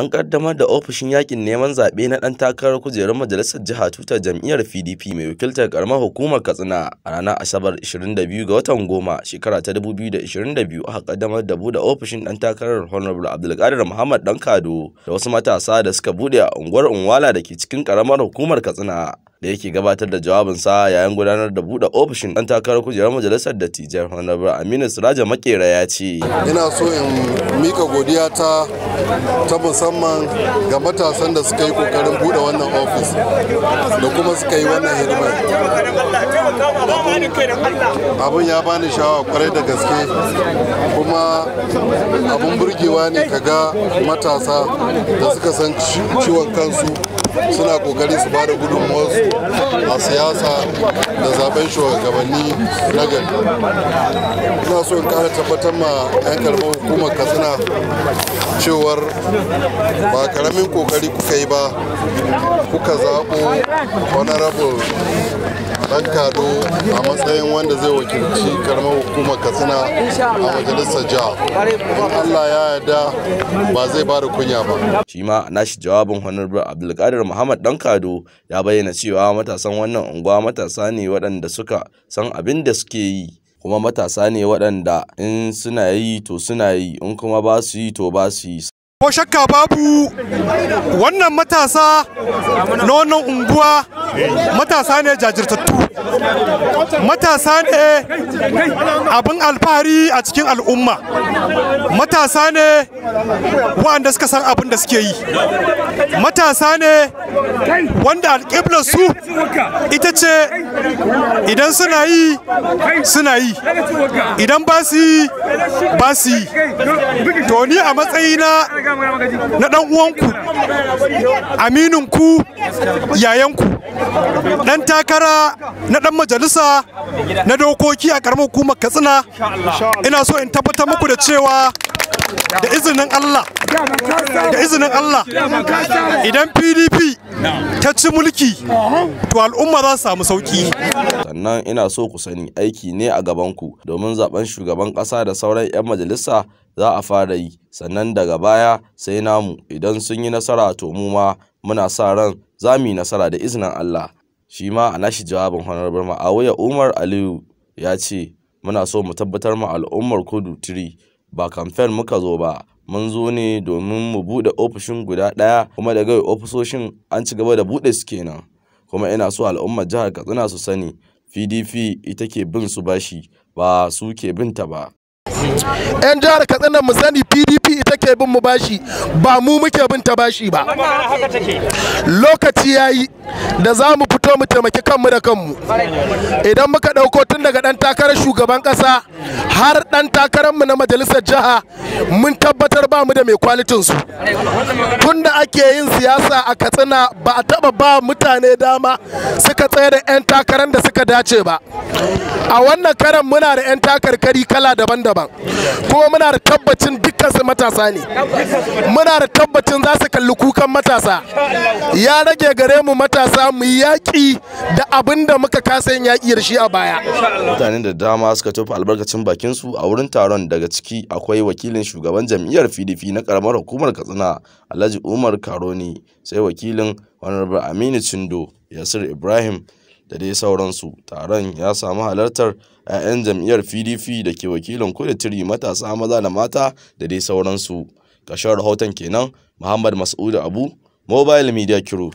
an kaddamar da ofishin yakin neman zaɓe na ɗan takarar kujerar majalisar jiha tutar jam'iyyar PDP mai wakiltar karamar hukumar Katsina a ranar Asabar 22 ga watan goma shekara ta 2022 aka kaddamar da buɗe ofishin ɗan takarar Honorable Abdulkadir Muhammad Dan Kado da wasu matasa da suka buɗe a unguwar Unwala da ke cikin karamar hukumar Katsina. da yake gabatar da jawabin sa yayin gudanar da buɗe ofishin ɗan takarar kujerar majalisar dattijai honorable aminu siraja makera ya ce ina so in mika godiya ta ta musamman ga matasan da suka yi kokarin bude wannan ofis da kuma suka yi wannan hirma abin ya bani shawa kwarai da gaske kuma abin burgewa ne ka ga matasa da suka san ciwon kansu suna kokari su ba da gudunmuwarsu a siyasa da zaben shugabanni na gari ina so in kara tabbatar ma 'yan karɓar hukumar katsina cewa cewar ba karamin kokari kuka yi ba kuka zaɓo honorable dan kado a matsayin wanda zai wakilci karamar hukumar katsina a majalisar jiha allah ya yarda ba zai ba da kunya ba shi ma nashi jawabin honorable abdulkadir muhammad dan kado ya bayyana cewa matasan wannan unguwa matasa ne waɗanda suka san abin da suke yi kuma matasa ne waɗanda in suna yi to suna yi in kuma ba su yi to ba su yi ko shakka babu wannan matasa na wannan unguwa matasa ne jajirtattu matasa ne abin alfahari a cikin al'umma matasa ne wanda suka san abin da suke yi matasa ne wanda alƙiblar su ita ce idan suna yi suna yi idan ba su yi ba su yi to ni a matsayi na ɗan uwanku amininku yayanku dan takara na dan majalisa na dokoki a karamar hukumar katsina ina so in tabbatar muku da cewa da izinin Allah da izinin Allah idan PDP ta ci mulki to al'umma za su samu sauki sannan ina so ku sani aiki ne a gaban ku domin zaben shugaban ƙasa da sauran 'yan majalisa za a fara yi sannan daga baya sai namu idan sun yi nasara to mu ma muna sa ran za mu yi nasara da izinin Allah shi ma a nashi jawabin honorable ma'awiya umar aliyu ya ce muna so mu tabbatar ma al'ummar kudu tiri ba kamfen muka zo ba mun zo ne domin mu buɗe ofishin guda ɗaya kuma daga ofisoshin an ci gaba da buɗe su kenan kuma ina so al'ummar jihar katsina su sani pdp ita ke bin su bashi ba su ke binta ba 'yan jihar katsina mu sani pdp muke bin mu bashi ba mu muke bin ta bashi ba lokaci yayi da za mu fito mu taimaki kanmu da kanmu idan muka ɗauko tun daga ɗan takarar shugaban ƙasa har ɗan mu na majalisar jiha mun tabbatar ba mu da mai kwalitinsu tun da ake yin siyasa a katsina ba a taɓa ba mutane dama suka tsaye da 'yan takarar da suka dace ba a wannan karan muna da 'yan takarkari kala daban-daban kuma muna da tabbacin su matasa ne muna da tabbacin za su kalli kukan matasa ya rage gare mu matasa mu yaƙi da abin da muka kasa yin yaƙi da shi a baya mutane da dama suka tofa albarkacin bakin su a wurin taron daga ciki akwai wakilin shugaban jam'iyyar PDP na karamar hukumar Katsina Alhaji Umar Karoni sai wakilin Honorable Aminu Cindo Yasir Ibrahim da dai sauransu taron ya samu halartar 'ya'yan jam'iyyar pdp da ke wakilin kudatiri matasa maza da mata da dai sauransu ƙarshen rahoton kenan muhammad mas'udu abu mobile media crew